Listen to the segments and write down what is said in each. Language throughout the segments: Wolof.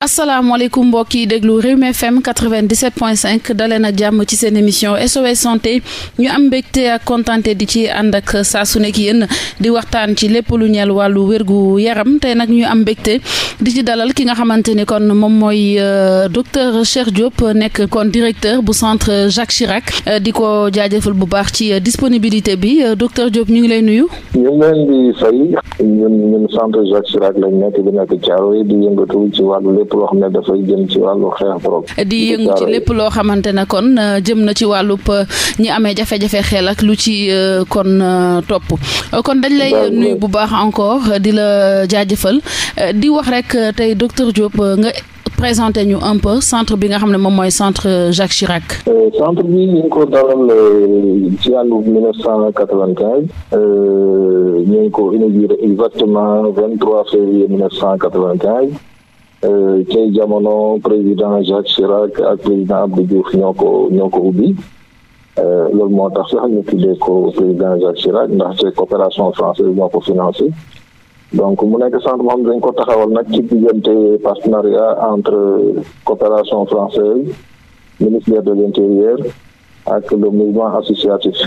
asalaamaaleykum mbokk yi déglu Rewmi FM 97.5 daleen ak jàmm ci seen émission SOS santé ñu am mbégte ak kontaante di ci ànd ak saa su nekk yéen di waxtaan ci lépp lu ñeel wàllu wérgu yaram tey nag ñu am mbégte di ci dalal ki nga xamante ni kon moom mooy euh, docteur Cheikh Diop nekk kon directeur bu centre Jacques Chirac euh, di ko jaajëfal bu baax ci euh, disponibilité bi docteur Diop ñu ngi lay nuyu. ñu ngi leen fay ñun centre Jacques Chirac lañ nekk di nekk Thiaroye di yëngatu lépp xam ne dafay jëm ci wàllu xeex di yëngu ci lépp loo xamante ne kon euh, jëm na ci wàllub euh, ñi amee jafe-jafe xel lu ci euh, kon topp kon dañ lay nuyu bu baax encore di la jaajëfal di wax rek tey docteur Diop nga. présenter ñu un centre bi nga xam ne moom mooy centre Jacques Chirac. centre bi ñu ngi ko dalal ci àllu ñu ko inauguré février tey jamono président Jacques Chirac ak président Abdou Diouf ñoo ko ñoo ko ubbi euh, loolu moo tax sax ñu de ko président Jacques Chirac ndaxte coopération française ñoo ko financé donc mu nekk centre moom dañ ko taxawal nag ci diggante partenariat entre coopération française ministère de l'intérieur ak le mouvement associatif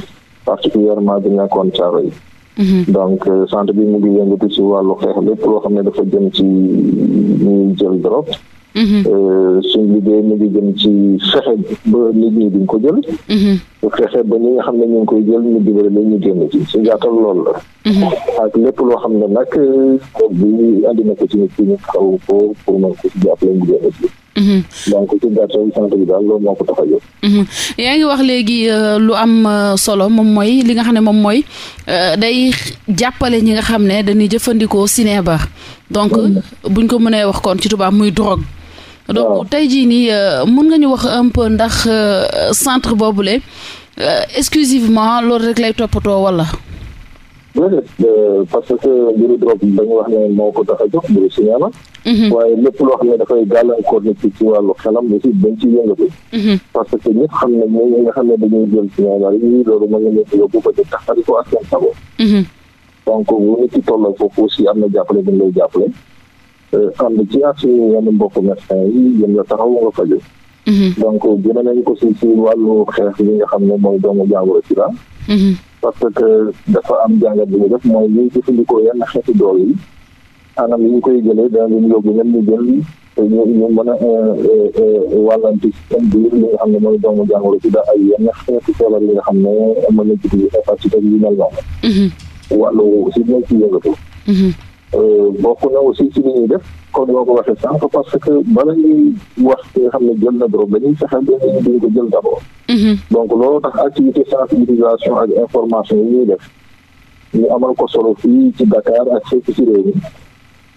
particulièrement bi nekkoon Thiaroye Mhm. donc centre euh, bi mu ngi yëngatu ci wàllu xeex lépp loo xam ne dafa jëm ci ñuy jël drogue. Mhm. Euh, suñ liggéey mu ngi jëm ci fexe ba nit ñi duñ ko jël. Mhm. fexe ba ñi nga xam ne ñu ngi koy jël ñu dimbali leen ñu génn ci suñ gàttal loolu la. ak lépp loo xam ne nag euh, bi andi na ko ci nit ñi xaw ko pour mën ko si jàppale ñu génn ci. donc ci gàttal sant bi yaa ngi wax léegi euh, lu am euh, solo moom mooy li nga xam ne moom mooy euh, day jàppale ñi nga xam ne dañuy jëfandikoo cinéba donc mhm. buñ ko mënee wax kon ci tubaab muy drogue. donc tey jii nii mun nga ñu wax un peu ndax centre boobule exclusivement loolu rek lay toppatoo wala. parce que mbiru drogue dañu wax ne moo ko tax a jóg mbiru cinéma. Mm-hmm. waaye lépp loo xam ne dafay gàllankoor nit ci wàllu xelam aussi dañ ci yëngatu. Mm-hmm. parce que ñëpp xam nañ ne ñi nga xam ne dañuy jëm ci ñaanal yi loolu mën na leen yóbbu ba di taxali am na jàppale bu lay jàppale. Euh, ànd ci ak yenn mbokku médecin yi yéen nga taxaw nga fajo mm-hmm. donc gën nañ ko si si wàllu xeex li nga xam ne mooy doomu jàngoro ci la. parce que dafa am jàngat bi ñu def mooy ñuy jëfandikoo yenn xeetu dool yi. anam yi ñu koy jëlee dana leen yóbbu ñoom ñu jël ñu mën a euh, euh, euh, wàllanti seen biir li nga xam ne mooy doomu jàngoro ci da ay yenn xeetu feebar yi nga xam ne mën na jiti hépatite ak yu mel noonu mm-hmm. wàllu si dinañ ci yëngatu mm-hmm. bokk na aussi ci li ñuy def kon boo ko waxee sànq parce que bala ñuy wax ki nga xam ne jël na drogue dañuy fexe ba nit ñi duñ ko jël d'abord mm-hmm. donc loolu tax activité sensibilisation ak information yi ñuy def ñu amal ko solo fii ci Dakar ak fépp ci réew mi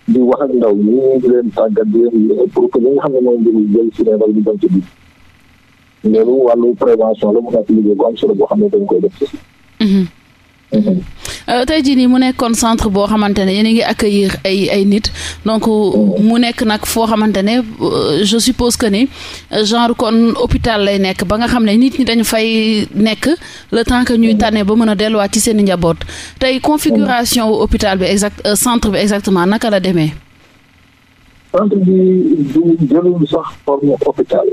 di wax ak ndaw ñi di leen tàggat di leen pour que li nga xam ne mooy mbir jël si neebal bi dem ci biir loolu wàllu prévention la moo nekk liggéey bu am solo boo xam ne dañ koy def mm-hmm. Euh, tey jii nii mu nekkoon centre boo xamante ne yéen a ngi accueillir ay ay nit donc mu nekk nag foo xamante ne euh, je suppose que ni euh, genre kon hôpital lay nekk ba nga xam ne nit ñi dañu fay nekk le temps que ñuy tànnee ba mën a delluwaat ci seen i njaboot tey configuration wu hôpital bi exact centre bi exactement naka la demee. centre bi jëlul sax forme hôpital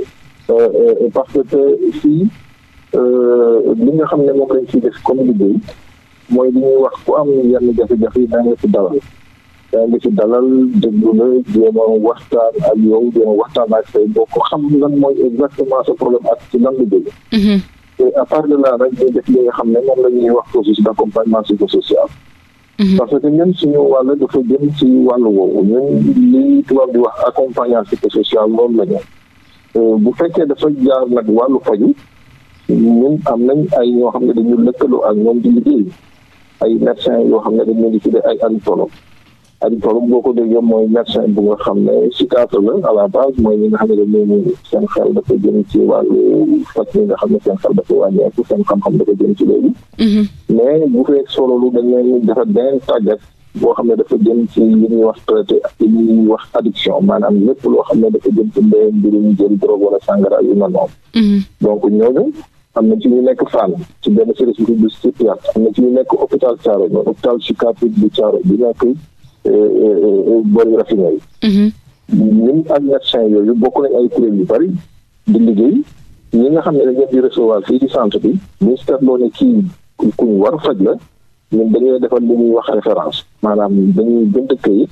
li nga xam ne moom lañ ciy def comme liggéey mooy li ñuy wax ku am yenn jafe-jafe yi daa nga ci dalal daa nga ci dalal déglu la jéem a waxtaan ak yow jéem a waxtaan ak say boo ko xam lan mooy exactement sa problème ak ci lan la jóge mm-hmm. te à part de là nag ñu def li nga xam ne moom la ñuy wax processus d' accompagnement psychosocial mm-hmm. parce que ñun suñu wàll dafa jëm ci wàll woowu ñun li tubaab di wax accompagnement psychosocial loolu la ñu euh, bu fekkee dafa jaar nag wàllu faju ñun am nañ ay ñoo xam ne dañu lëkkaloo ak moom di liggéey ay médecin yoo xam ne dañ leen di tuddee ay addictologue addictologue boo ko déggee mooy médecin bu nga xam ne psychiatre la à la mooy ñi nga xam ne dañ leen seen xel dafa jëm ci wàllu faj ñi nga xam ne seen xel dafa wàññeeku seen xam-xam dafa jëm ci loolu mm-hmm. mais bu fekk solo lu dañ leen dafa beneen tàggat boo xam ne dafa jëm ci li ñuy wax traité ak li ñuy wax addiction maanaam lépp loo xam ne dafa jëm ci mbéyam mbirum jël drogue wala sàngara yu mel noonu mm-hmm. donc ñooñu am na ci ñu nekk Fann ci benn service bu psychiatre am na ci ñu nekk hôpital Thiaroye ba hôpital psychiatrique bu Thiaroye bi nekk eh, eh, eh, boori raffinerie yi mm-hmm. ñun ak médecin yooyu bokk nañ ay kuréel yu bari di liggéey ñi nga xam ne dañ di recevoir fii ci centre bi buñ seetloo ne kii kuñ war faj la ñun dañuy defal li ñuy wax référence maanaam dañuy jënd këyit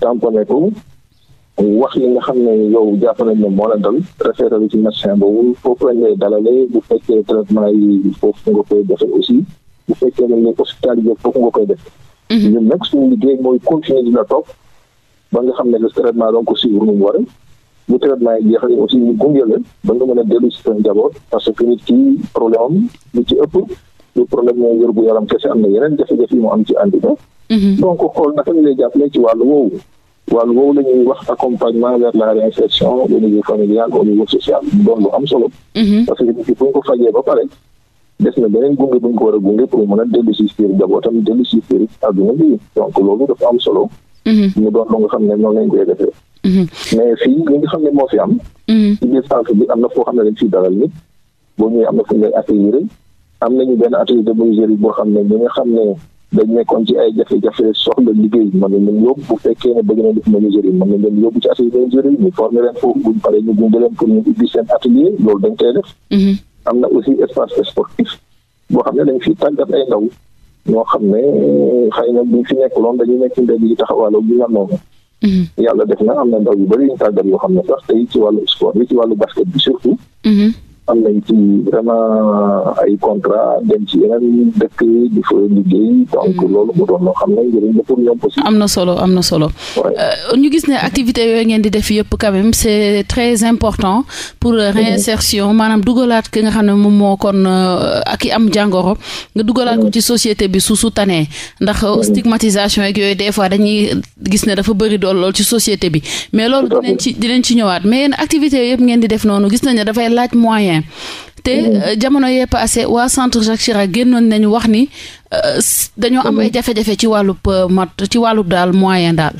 tamponné ko wax li nga xam ne yow jàpp nañ ne moo la dal référé bi ci médecin boobu foofu lañ bu foofu nga koy defee aussi bu fekkee lañ lay hospitalisé foofu nga mhm. ba nga xam ne le traitement donc aussi suivre nu mu waree bu traitement yi jeexalee aussi ñu gunge leen ba nga mën a dellu si seen njaboot parce que nit ki problème am lu ci ëpp lu problème mooy wér gu yaram kese am na yeneen jafe-jafe mu am ci ànd mhm. donc xool naka ñu lay ci wàllu woowu wàllu woowu la ñuy wax accompagnement vers la réinsertion au niveau familial au niveau social doon lu am solo. Mhm. parce que nit ki ko fajee ba pare des na beneen gunge bu ñu ko war a gunge pour mën a dellu si biir njabootam dellu si biir adduna bi donc loolu dafa am solo. Mhm. mu doon lu nga xam ne noonu lañ koy defee. Mhm. mais fii li nga xam ne moo fi am. ci biir am na foo xam ne dañ fiy dalal nit boo ñëwee am na fu ñu lay accueillir am nañu benn atelier de boo xam ne ñi nga xam dañ nekkoon ci ay jafe-jafe soxla liggéey mën nañ leen yóbbu bu fekkee ne bëgg na def menuiserie mën nañ leen yóbbu ci atelier menuiserie ñu former dañ koy def mhm. am na aussi espace sportif boo xam ne dañ fi tàggat ay ndaw ñoo xam ne xëy na buñ fi nekk loon dañuy nekk mbedd yi taxawaloo bi nga noonu mhm. yàlla def na am na ndaw yu bëri yuñ tàggat yoo xam ne sax tey ci wàllu sport bi ci wàllu basket bi surtout mhm. am hmm. xam ne am na solo am na solo. Euh, ñu gis ne activité yooyu ngeen di def yëpp quand même est très important pour hmm. réinsertion maanaam dugalaat ki nga xam ne moom moo kon euh, ak i am jàngoro nga dugalaat ko hmm. ci société bi su su tanee ndax stigmatisation yeeg yooyu des fois dañuy gis ne dafa bari dool lool ci société bi mais loolu dinañ ci dinañ ci ñëwaat mais yéen activité yooyu yëpp ngeen di def noonu gis nañ ne dafay laaj moyen bien te mm. euh, jamono yee passé waa centre Jacques Chirac génnoon nañu wax ni euh, dañoo am ay mm-hmm. jafe-jafe ci wàllub euh, mat ci wàllub daal moyen daal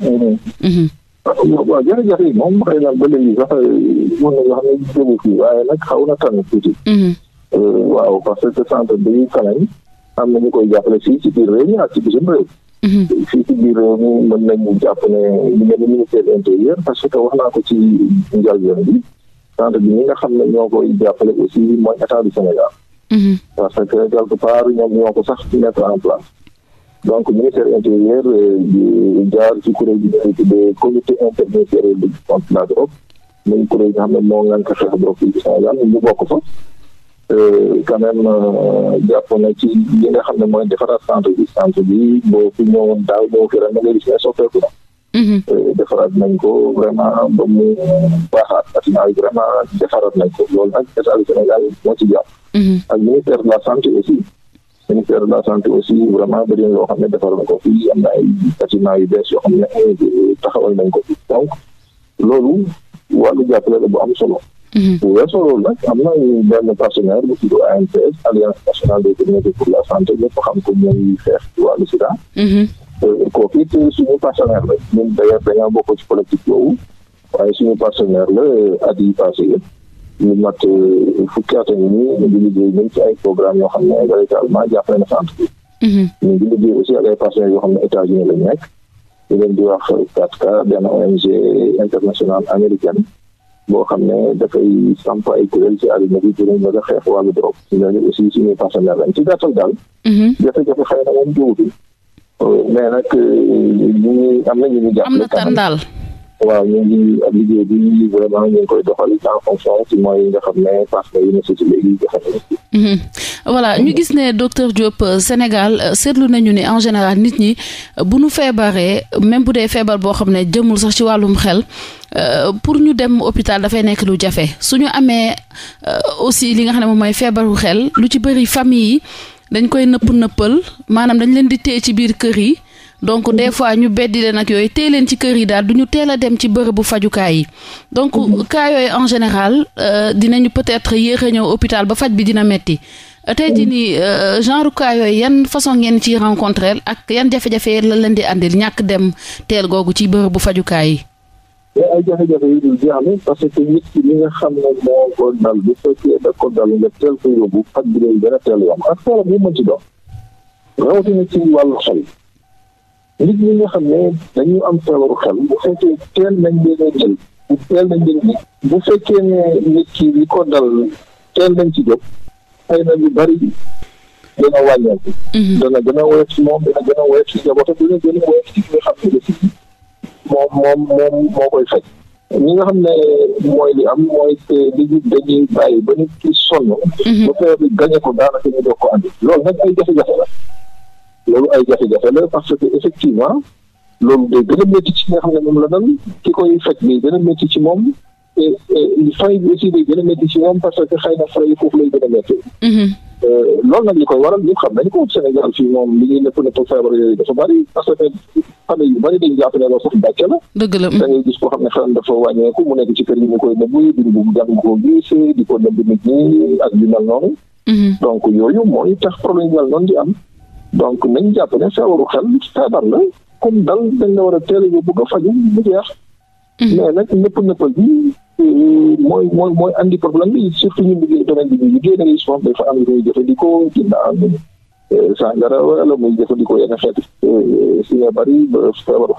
mm-hmm. Mm-hmm. waaw jërëjëf yi moom xëy na ba léegi sax mën nañu wax ne jógu fii waaye nag xaw na tànn tuuti waaw parce que centre jàppale fii ci biir réew mi ak ci bitim réew fii ci biir réew mën nañu jàpp ne ñu mel ni parce que wax naa ko ci njëlbeen bi centre bi ñi nga xam ne ñoo koy jàppale aussi mooy état du Sénégal. Mhm. parce que quelque part ñoom ñoo ko sax ci mettre en place. donc ministère intérieur euh, di jaar ci kuréel gi ñuy tuddee comité interministériel de lutte contre xam ne moo ngànk xeex drogue fii ci Sénégal ñu bokk fa. Euh, quand même euh, jàpp na ci li nga xam ne mooy defaraat centre bi centre bi boo fi ñëwoon daaw boo fi ren nga gis ne soppeeku Mm-hmm. Euh, defaraat nañ ko vraiment ba mu baaxaat national vraiment defaraat nañ ko lool nag état senegal Sénégal moo ci jàpp. Mm-hmm. ak ministère de la santé aussi. ministère de la santé vraiment bëri na loo xam ne defar na ko fii am na ay bâtiment yu bees yoo xam ne taxawal nañ ko fii donc loolu wàllu jàppale la bu am solo. Mm-hmm. bu weesoo loolu nag am na benn partenaire bu tudd ANPS alliance nationale des communautés pour la santé ñëpp xam ko mooy xeex ci wàllu Euh, kooku it euh, suñu partenaire la ñun d'ailleurs dañoo bokk ci politique boobu waaye suñu partenaire la euh, at yi passé yëpp ñu mat fukki at a ngi nii ñu ngi liggéey ñun ci ay programme xam ne véritablement jàppale na centre bi mhm. ñu ngi liggéey yoo xam ne États-Unis lañ nekk ñu leen di wax 4K benn ONG internationale américaine boo xam ne dafay samp ay kuréel ci àdduna bi pour ñu mën a xeex wàllu drogue ñooñu aussi suñuy partenaire lañ ci gàttal daal mhm. jafe-jafe xëy na moom jiwutu mais nag ñu euh, ñu ngi. ne parce que yu na si léegi mhm. ñu gis ne docteur Diop euh, Sénégal euh, seetlu nañu ne en général nit ñi bu nu feebaree même bu dee feebar boo xam ne jëmul sax ci wàllum xel pour ñu dem hôpital dafay nekk lu jafe su ñu amee aussi li nga xam ne moom mooy feebaru xel lu ci bëri famille yi dañ koy nëpp nëppal maanaam dañ leen di téye ci biir kër yi donc des fois ñu beddi leen ak yooyu téye leen ci kër yi daal du ñu teel a dem ci bërëbu fajukaay yi donc mhm. cas yooyu en général euh, dinañu peut-être yéex a ñëw hôpital ba faj bi dina metti tey jii nii euh, genre cas yooyu yan façon ngeen ci rencontré ak yan jafe-jafe la leen di àndil ñàkk dem teel googu ci bërëbu fajukaay yi. mais ay jafe-jafe yi dul jeex parce que nit ki li nga xam ne moo ko dal bu fekkee da ko dal nga teel ko yóbbu ak bi lay gën a teel yam ak feebar bu mën ci doon rawatina ci wàllu xel nit ñi nga xam ne dañu am feebaru xel bu fekkee teel nañ leen a jël bu nañ bu fekkee ne nit ki li ko dal teel nañ ci jóg xëy na lu bari dana wàññeeku mhm. dana gën a woyof ci moom dana gën a woyof ci njabootam dana gën a woyof ci nga xam ne moom moom moom moo koy faj ñi nga xam ne mooy li am mooy que dañuy dañuy bàyyi ba nit ki sonn. Mhm. ba feebar bi gañe ko daanaka ñu doog ko andi loolu nag ay jafe-jafe la loolu ay jafe-jafe la parce que effectivement loolu day gën a ci nga xam ne moom la dal ki koy faj bi gën a ci moom. fay bi aussi day gën a métti yi foofu mhm. euh, koy waral ñëpp xam nañu ko Sénégal fii moom li ñuy nëpp nëpp feebar yooyu dafa bari parce que famille yu bari dañu jàpp ne loolu sax bàcce la dëgg la da ngay gis koo xam ne xelam dafa wàññeeku mu nekk ci kër yi ñu koy nëbbu duñ bugg jàng koo gis di ko nëbb nit ñi ak yu mel noonu mhm. donc yooyu mooy tax problème yu noonu di am donc nañ jàpp ne feebaru xel comme dal dañ la war a teel a yóbbu faju mu mhm. mais nag nëpp nëppal bi mooy mooy mooy andi problème bi surtout ñu liggéey domaine bi ñu liggéey da ngay souvent dafa am lu muy jëfandikoo dina am euh, sàngara wala muy jëfandikoo yenn xeet si nga euh, bëri ba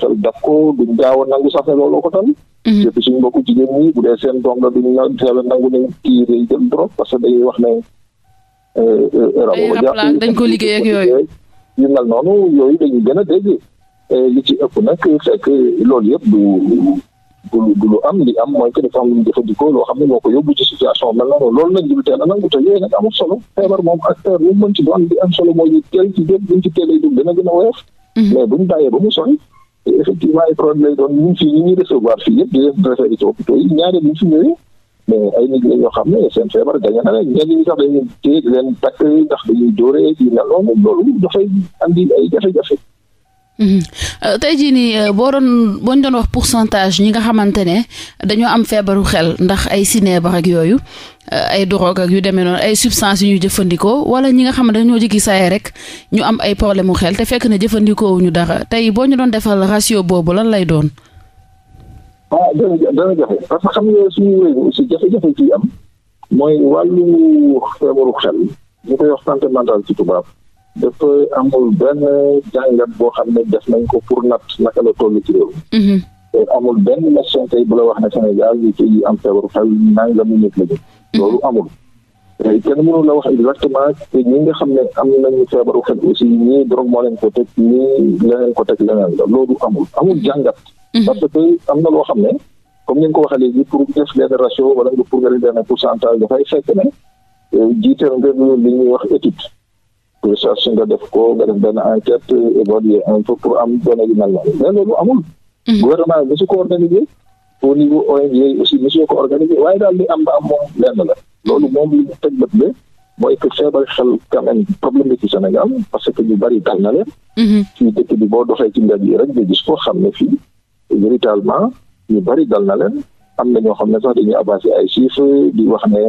xel daf ko duñ gaaw a nangu sax ne looloo ko tal mhm. surtout suñu mbokku jigéen seen doom la duñ na teel a nangu ne kii day jël drogue parce que day wax ne euh, rabo dañ ko liggéey ak yooyu yu mel noonu yooyu dañuy gën a dégg li ci ëpp nag fekk loolu yëpp du du lu du am li am mooy que dafa am mu jëfandikoo loo moo ko yóbbu ci situation mel na loolu nag ñu teel xam ne seen feebar dañu na leen noonu loolu dafay andi ay jafe-jafe Mhm. Euh, tey jii nii euh, boo doon boo ñu doon wax pourcentage ñi nga xamante ne dañoo am feebaru xel ndax ay sineebar ak yooyu euh, ay drogue ak yu demee noonu ay substance yu jëfandikoo wala ñi nga xam ne dañoo jigi saay rek ñu am ay problème mu xel te fekk na jëfandikoo ñu dara tey boo ñu doon defal ratio boobu lan lay doon. ah dana dana jafe parce que xam nga suñu réew aussi jafe-jafe ci am mooy wàllu feebaru xel ñu koy wax santé ci tubaab. dafa amul benn jàngat boo xam ne def nañ ko pour natt naka la toll ci réew. Mhm. amul benn nation tey bu la wax ne Sénégal yi ci am feebaru xel nangamu nit la ñu. Mhm. loolu amul. kenn mënu la wax exactement te ñi nga xam ne am nañu feebaru ko teg ñii leneen ko teg leneen la loolu amul amul jàngat. Mhm. parce que am na loo xam ne comme ni nga ko waxee léegi pour def benn ratio wala pour nga def benn pourcentage dafay fekk ne euh, jiital nga li ñuy wax étude. recherche nga def ko nga def benn enquête évaluer un peu pour am données yu mel noonu mais loolu amul. Mhm. gouvernement a su ko organisé au niveau ONG yi aussi monsieur ko organisé waaye daal li am ba am moom lenn la loolu moom li teg bët be mooy que feebar xel quand problème bi ci Sénégal parce que ñu bari dal na leen. fii mhm. dëkk bi boo doxee rek nga gis xam ne fii véritablement ñu bari dal na leen. am na ñoo xam ne sax dañuy avancé ay chiffres di wax ne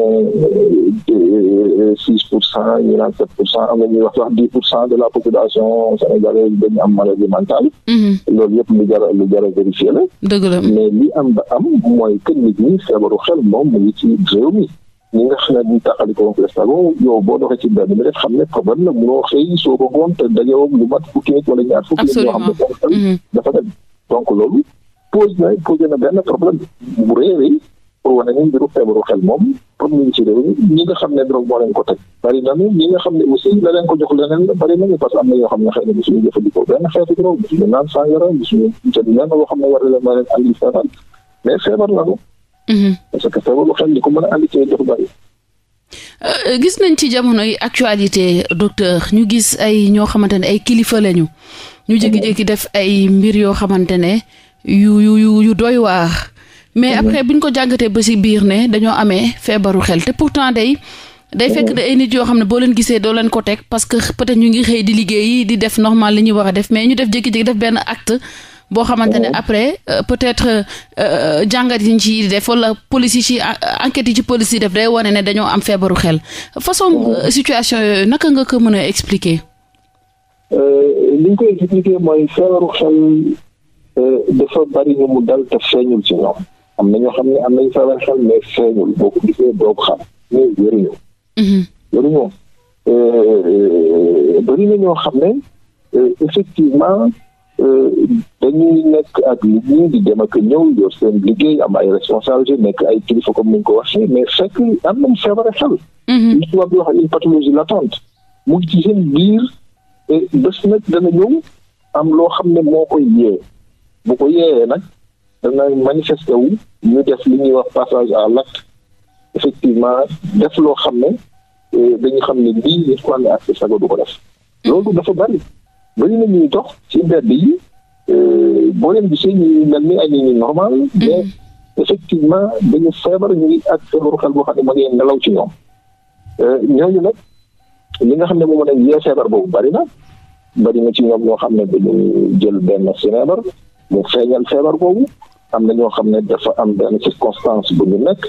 euh, six pour cent ñu naan sept pour cent am na ñuy wax sax dix pour cent de la population sénégalaise dañu am maladie mentale. Mhm. loolu yëpp lu jar a lu jar a vérifié la. dëgg la mais li am ba am mooy kañ nit ñi feebaru xel moom mu ngi ci réew mi. ñi nga xam ne duñ tàqali ko woon yow boo doxee ci benn bi rek xam ne problème la munoo xëy soo ko woon te dajeewam lu mat fukki nit wala ñaar fukki nit. absolument ñoo xam ne mhm. dafa dem donc loolu. pose na benn problème bu rëy a rëy pour wane ni mbiru feebaru xel moom problème ñu nga xam ne drogue moo leen ko teg bari na ñu nga xam ne aussi la leen ko jox leneen la bari nañu parce que na mhm. feebaru xel li ko mën a andi ci dafa bari Uh, gis nañ ci jamonoy actualité docteur ñu gis ay ñoo xamante ne ay kilifa lañu ñu mhm. jékki-jékki def ay mbir yoo xamante ne yu yu yu yu doy waar mais mhm. après ñu ko jàngatee ba si biir ne dañoo amee feebaru xel te pourtant day day fekk mhm. da ay nit yoo xam ne boo leen gisee doo leen ko teg parce que peut-être ñu ngi xëy di liggéey di def normal li ñuy wax a def mais ñu def jékki-jékki def benn acte boo xamante ne mhm. après euh, peut-être euh, jàngat yi ñu ci def wala police yi ci enquête yi ci police yi def day wane ne dañoo am feebaru xel façon euh, situation yooyu naka nga ko mën a expliquer. dafa bari ñu mu dal te feeñul ci ñoom am na ñoo xam ne am nañ feebar xel mais feeñul boo ko gisee doo ko xam mais wéruñu bari mm-hmm. euh, na ñoo xam ne euh, effectivement euh, dañuy nekk ak nit ñi di dem ñëw yor seen liggéey am ay responsabilité nekk ay kilifa comme ni ñu ko waxee mais fekk am nañ feebare xel mm-hmm. li tubaab di wax une pathologie latente mu ci seen biir bés nag dana ñëw am loo xam ne moo koy yee bu ko yeewee nag dana manifesté wu ñu def li ñuy wax passage à l'acte effectivement def loo xam ne euh, dañu xam ne lii nit ku ànd ak sago du ko def loolu dafa bari bari na ñuy dox ci mbedd yi euh, boo leen gisee ñu mel ni ay nit ñu normal mm-hmm. mais effectivement dañu feebar ak feebaru xel boo xam ne ma ngi nelaw ci ñoom euh, ñooñu nag li nga xam ne moom moo yee feebar boobu bari na bari na ci ñoom ñoo xam ne dañu jël benn feebar mu feeñal feebar boobu am na ñoo xam ne dafa am benn circonstance bu ñu nekk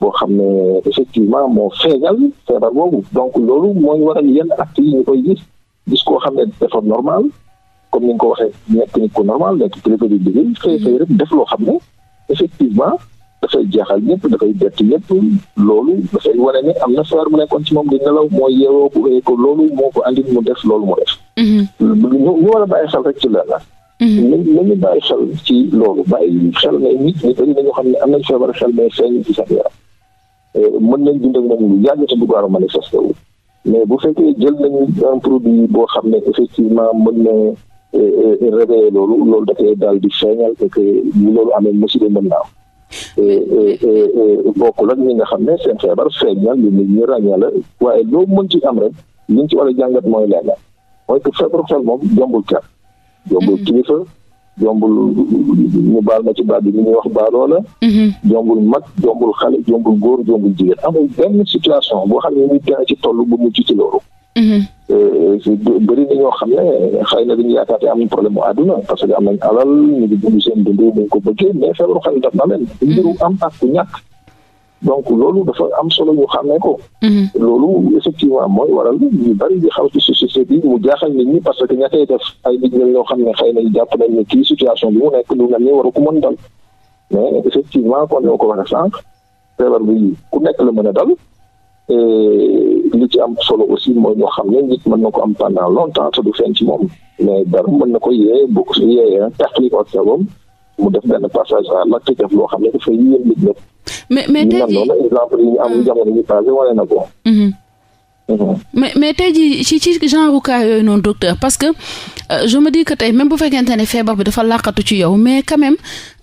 boo xam ne effectivement moo feeñal feebar boobu donc loolu mooy waral yenn actes yi ñu koy gis gis koo xam ne dafa normal comme ni nga ko waxee nekk nit ku normal nekk kilifa di liggéey xëy xëy rek def loo xam ne effectivement dafay jaaxal ñëpp dafay bett ñëpp loolu dafay wane ne am na feebar bu nekkoon ci moom di nelaw mooy yeewoo bu ko loolu moo ko andil mu def loolu mu def. Mhm. ñu war a bàyyi xel rek ci lenn. Mm-hmm. nañu bàyyi xel ci loolu bàyyi xel ne nit ñi bëri xam ne am nañ feebar xel mais feeñ ci sax yaram euh, mën nañ dund ak ñoom lu yàgg te du gaaw a manifesté mais bu fekkee jël nañu un produit boo xam ne effectivement mën na euh, euh, réveiller loolu loolu da daal di feeñal et loolu amee musiba mën naa am bokkul ak ñi nga xam ne seen feebar feeñal ñu nit ñi ràññale waaye loo mën ci am rek liñ ci war a jàngat mooy lenn mooy que feebaru xel moom jombul kenn jombul mhm. kilifa jombul ñu baal ma ci baat bi ñu ñuy wax baaloo la mhm. jombul mag jombul xale jombul góor jombul jigéen amul benn situation boo xam ne nit dana ci toll bu mucc ci loolu mhm. euh, bëri na ñoo xam ne xëy na dañu yaakaar ne am nañ problème mu àdduna parce que am nañ alal ñu ngi dund seen dund ñu ko bëggee mais feebaru xel daf na leen mbiru am ak ku ñàkk donc loolu dafa am solo ñu xàmmee ko. Mhm. loolu effectivement mooy waral ñu bari di xaw ci société bi mu jaaxal nit ñi parce que ña koy def ay nit ñoo xam ne xëy nañ jàpp nañ ne kii situation bi mu nekk lu mel ni ko mën dal mais effectivement kon ñoo ko war a sànq feebar bi ku nekk la mën a dal li ci am solo aussi mooy ñoo xam ne nit mën na ko am pendant longtemps te du feeñ ci moom mais dara mën na ko yee bokk su yee perte li ko ak mu def benn ah. mhm. Mhm. mais mais tey jii ci ci genre cas yooyu noonu docteur parce que euh, tey même bu fekkente ne feebar bi dafa làqatu ci yow mais quand même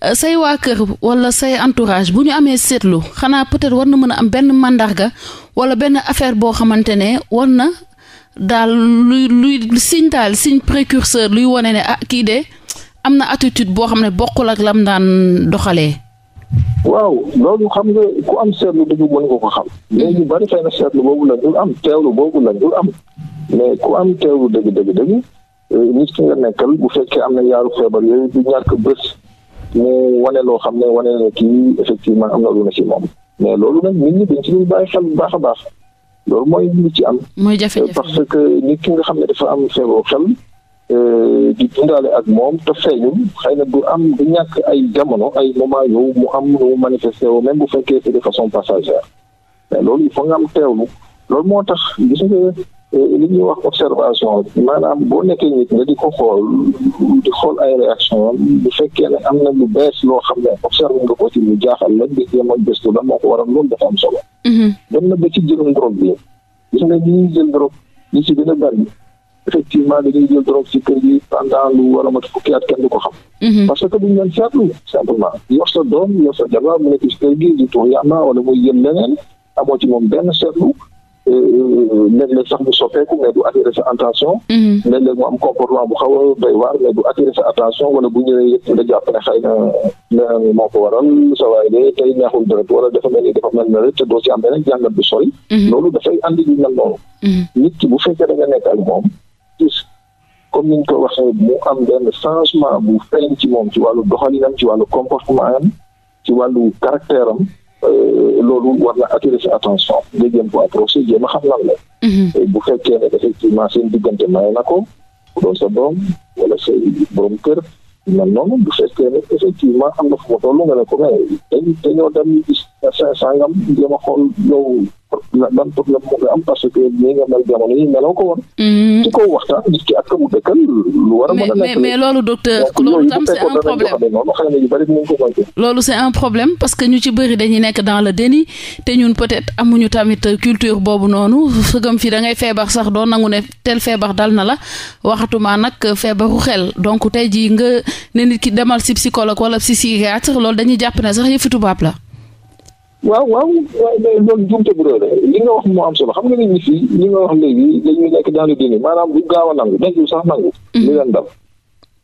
euh, say waa kër wala say entourage bu ñu amee seetlu xanaa peut-être war na mën a am benn mandarga wala benn affaire boo xamante ne war na daal luy luy signe daal signe précurseur luy wone ne ah kii de. am na attitude boo xam ne bokkul ak lam daan doxalee. waaw loolu xam nga ku am seetlu dëgg mën nga ko xam. mais mm-hmm. ñu bari xëy na seetlu boobu la am teewlu boobu la am mais ku am teewlu dëgg dëgg dëgg euh, nit ki nga nekkal bu fekkee am na yaaru feebar yooyu du ñàkk bés mu wane loo xam ne wane na kii effectivement am na lu na ci moom mais loolu nag nit ñi dañ ci bàyyi xel bu baax a baax loolu mooy li ci am. mooy jafe-jafe parce que nit ki nga xam ne dafa am feebaru xel. Euh, di dundaale ak moom te feeñul xay na du am du ñàkk ay jamono ay moment yow mu am nu manifesté wu même bu fekkee c'est de façon passagère mais loolu il faut nga am teewlu loolu moo tax gis nga euh, li ñuy wax observation maanaam boo nekkee nit nga ko xool xool ay réaction bu fekkee ne am na lu bees loo xam ne observé nga ko ci mu jaaxal la di jéem a gëstu la moo ko waral loolu dafa am solo. Mhm. dem na ci jëlum drogue bi gis nga ñi jël drogue li ci gën bari effectivement dañuy jël drogue ci kër gi pendant lu war a at kenn du ko xam. Mhm. parce que bu ñu leen seetlu simplement sa doom yor sa jabar mu nekk ci kër gi di tuur yàmba wala muy jël leneen amoo ci moom benn seetlu. Euh, euh, léeg-léeg sax mu soppeeku mais du mhm. bu xaw a doy du attirer sa attention wala ne moo ko waral sa de tey neexul deret wala dafa mel ni dafa mel ne rek te doo ci am beneen jàngat bu sori. Mhm. loolu dafay andi ñu mel noonu. nit ki bu fekkee da nekk ak moom. gis comme niñ ñu ko waxee mu am benn changement bu feeñ ci moom ci wàllu doxalinam ci wàllu comportement ci wàllu caractère am euh, loolu war na attirer sa attention nga jéem ko approché jéem a xam lan la. Mhm. bu fekkee ne effectivement seen diggante may na ko bu doon sa doom wala sa borom kër. na noonu bu fekkee ne effectivement am na fu ma toll nga ne ko mais dañ dañoo dem gis. sangam jéem a xool yow ban problème mu nga ko woon. Mhm. a mais mais loolu docteur loolu tam c'est un problème parce que ñu ci bëri dañuy nekk dans le déni te ñun peut-être amuñu tamit culture boobu noonu sëgam fii da ngay feebar sax doo nangu ne tel feebar dal na la waxatuma nag feebaru xel donc tey ji nga ne nit ki demal si psychologue wala si psychiatre loolu dañuy jàpp ne sax yëfi tubaab la. waaw waaw waaye mais jumte bu rëy li nga wax moo am solo xam nga na ñi fii li nga wax léegi dañuy nekk dans le déni maanaam du gaaw a nangu dañu sax nangu mm-hmm. li leen dal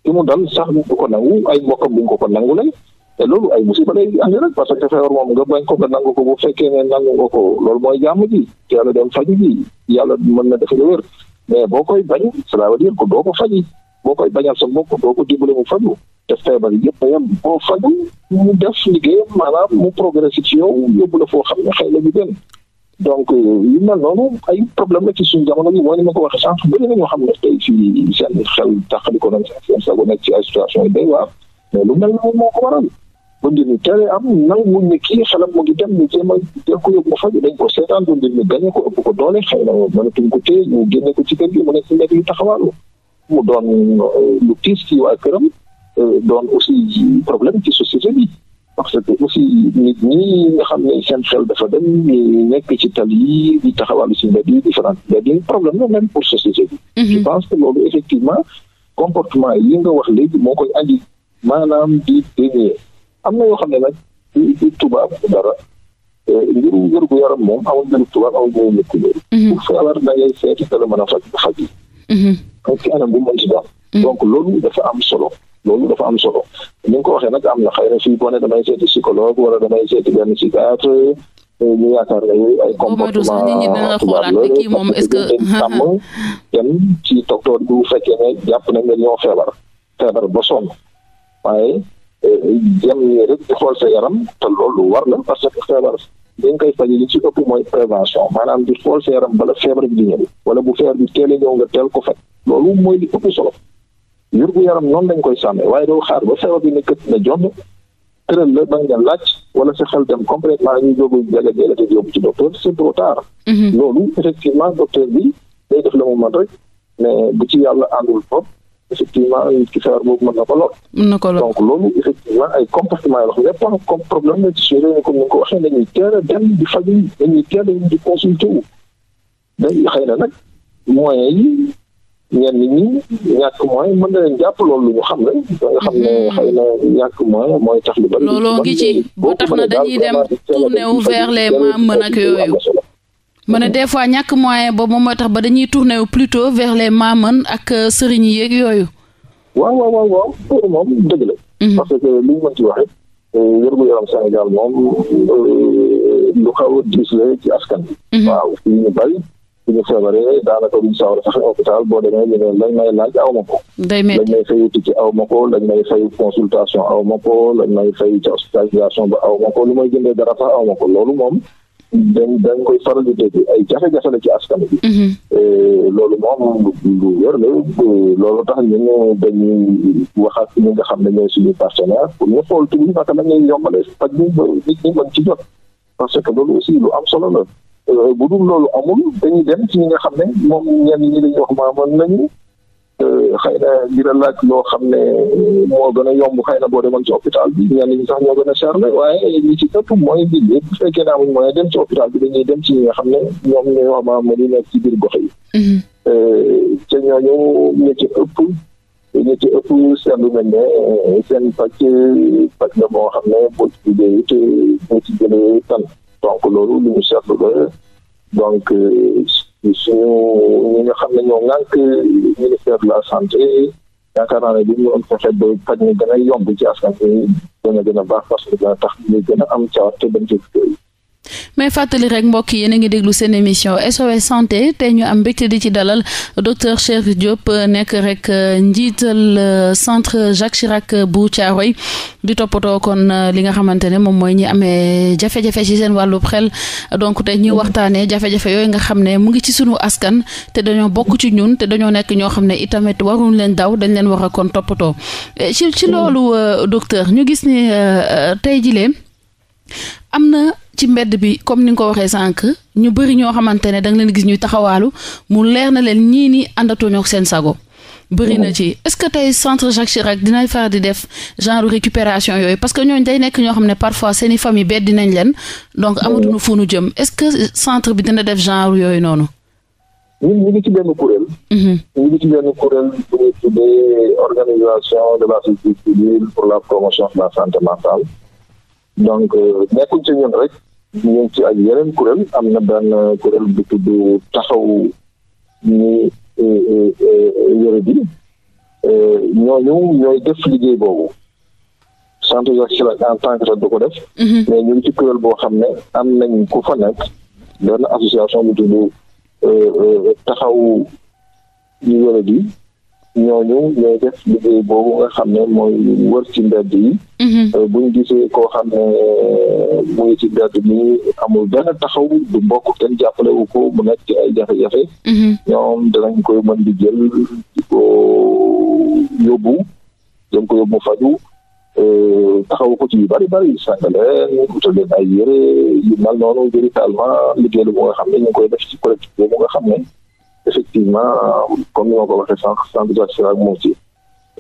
ki mu dal sax bu ko nangu ay mbokkam bu ko ko nangu lay te loolu ay musiba lay andi rek parce que feebar moom nga bañ ko nga nangu ko bu fekkee ne nangu ko loolu mooy jàmm ji yàlla dem faj ji yàlla mën na def nga wér mais boo koy bañ cela veut dire que doo ko faji boo koy bañal sa mbokk doo ko dimbale mu faju te feebar yëpp a yem boo faju mu def liggéeyam maanaam mu progressé ci yow yóbbu la foo xam ne xëy na ñu gën donc euh, yu mel noonu ay problème la ci suñu jamono bi mooy ni ma ko waxee sànq bëri na ñoo xam ne tey fii seen xel taxaliko nañ seen sago nekk ci ay situation yi day waar mais lu mel noonu moo ko waral ba mbir mi teel am nangu mu ne kii xelam mu ngi dem ñu jéem a jël ko yóbbu mu faju dañ ko seetaan ba mbir mi gañe ko ëpp ko doole xëy na mënatuñ ko téye ñu génne ko ci kër gi mu nekk ci mbedd yi taxawaalu mu doon euh, lu tiis ci waa këram Euh, donc aussi problème ci société bi parce que aussi ni ñi nga xam ne seen xel dafa dem ñu nekk ci tali yi di taxawal ci mbedd yi différent mbedd yi problème la même pour société bi mhm. je pense que loolu effectivement comportement yi nga wax léegi moo koy andi maanaam di dénier am na yoo xam ne nag di tubaab dara ngir euh, wér gu yaram moom amul mbiru tubaab amul mbiru a ku ñuul mhm. pour feebar da ngay te la a faj faj yi mhm. donc ci anam bu mën ci donc loolu dafa am solo loolu dafa am solo ni nga ko waxee nag am na xëy na fii boo ne damay seeti psychologue wala damay seeti benn psychiatre ñu yaakaar ne ay comportement nit ñi dana xoolaat ne kii moom est-ce que sàmm dem ci docteur bu fekkee ne jàpp nañ ne ñoo feebar feebar ba sonn waaye eh, jëm nii rek di xool sa yaram te loolu war la parce que feebar li nga koy faje li ci ëpp mooy prévention maanaam di xool sa yaram bala feebar bi di ñëw wala bu feebar bi teel a ñëw nga teel ko faj loolu mooy li ëpp solo wér gu yaram noonu lañ koy sàmmee waaye doo xaar ba feebar bi ne këtt na jomb tëral la bañ nga laaj wala sa xel dem complètement ñu jóg jaga jële te yóbbu ci docteur c'est trop mhm. loolu effectivement docteur bi day def la mu mën rek mais bu ci yàlla àndul trop effectivement nit na ko lool. mën na ko donc loolu effectivement ay comportement yoo xam ne comme problème la ci suñu ko waxee dañuy teel a dem di faju dañuy teel a di consulté day xëy na nag moyens yi. ñenn ñi ñàkk moyen mën na leen jàpp loolu lu ñu xam ne da nga xam ne hmm. xëy na ñàkk moyen mooy tax lu bari looloo ngi ci ba tax na dañuy dem tourner wu vers maam mën ak ma ne des fois ñàkk moyen boobu moom mooy tax ba dañuy tourner wu euh, sëriñ yi yooyu waaw waaw waaw waaw moom dëgg la hmm. parce que li ñu mën ci waxe euh, yaram Sénégal moom euh, lu xaw a diis la ci askan hmm. waaw fii ñu bari su ñu feebaree daanaka duñ sawar sax hôpital boo demee ñu ne lañ may laaj aw ma ko. day métti lañ may fayu tukki aw ma ko lañ may fayu consultation ma ko lañ hospitalisation ba aw ma ko lu may jëndee dara sax aw ko loolu moom. dañ dañ koy faral di dégg ay jafe-jafe la ci askan bi mm-hmm. eh, loolu moom lu wér la eh, loolu tax ñu ñu dañuy waxaat ñu nga xam ne ñooy suñu partenaire pour ñu xool tuuti naka la ñuy yombale faj bi ba nit ci jot parce que loolu aussi lu am solo la Euh, bu dul loolu amul dañuy dem ci ñi nga xam ne moom ñenn ñi dañuy wax maamal nañu euh, xëy na dina laaj loo xam ne moo gën a yomb xëy na boo demoon ci hôpital bi ñenn ñi sax ñoo gën a cher la waaye li ci ëpp mooy bi bu fekkee ne amuñ mooy dem ci hôpital bi dañuy dem ci ñi nga xam ne ñoom ñooy wax maamal yi nekk ci biir gox yi. Mhm. Euh, te ñooñu ñi ci ëpp ñi ci ëpp seetlu nañ ne seen pàcc pàcc la moo xam ne boo ci liggéey te boo ci jëlee tànn. donc loolu lu ñu seetlu la donc euh, suñu ñi nga xam ne ñoo ŋànk ministère de la santé yaakaar naa ne bu ñu doon fexe ba faj mi gën a yomb ci askan bi dana gën a baax parce que dina tax ñu gën a am cawarte dem ci mais fàttali rek mbokk yéen a ngi déglu seen émission SOS santé tey ñu am mbégte di ci dalal docteur Cheikh Diop euh, nekk rek euh, njiital euh, centre Jacques Chirac bu Thiaroye di toppatoo kon li nga xamante ne moom mooy ñi amee jafe-jafe ci seen wàllu xel donc tey ñuy waxtaanee jafe-jafe yooyu nga xam ne mu ngi ci sunu askan te dañoo bokk ci ñun te dañoo nekk ñoo xam ne itamit waruñ leen daw dañ leen war a kon toppatoo ci loolu docteur ñu gis ne tey jii am na ci mbedd bi comme ni nga ko waxee sànq ñu bëri ñoo xamante ne da leen gis ñuy taxawaalu mu leer na leen ñii ni àndatuñoo seen sago. bëri na mmh. ci est-ce que tey centre Jacques Chirac dinañ far di def genre récupération yooyu parce que ñooñu day nekk ñoo xam ne parfois seeni famille bedd dinañ leen donc mmh. amatuñu fu nu jëm est-ce que centre bi dina def genre yooyu noonu. ñun ñu ngi ci benn kuréel. Mmh. ñu ngi ci benn kuréel pour la promotion de la santé donc euh, nekkul ci ñun rek ñu ci ak yeneen kuréel am na benn euh, kuréel bu tudd taxaw ñu euh, yore bi ñooñu ñooy def liggéey boobu centre Jacques Chirac en tant que tel du ko def mhm. mais ñu ci kuréel boo xam ne am nañ ku fa nekk benn association bu tudd taxaw ñu yore bi ñooñu ñooy def liggéey boobu nga xam ne mooy wër ci mbedd yi. Mhm. Euh, buñ gisee koo xam ne euh, mu ngi ci mbedd mi amul benn taxaw du mbokk kenn jàppale wu ko mu nekk ci ay jafe-jafe. Mhm. ñoom danañ koy mën di jël di ko yóbbu dañ ko yóbbu faju euh, taxaw ko ci yu bari bari sànq leen utal leen ay yére yu mel noonu véritablement liggéey la bu nga xam ne ñu koy def ci collectif boobu nga xam ne. effectivement euh, comme ni ma ko waxee sànq centre social moom ci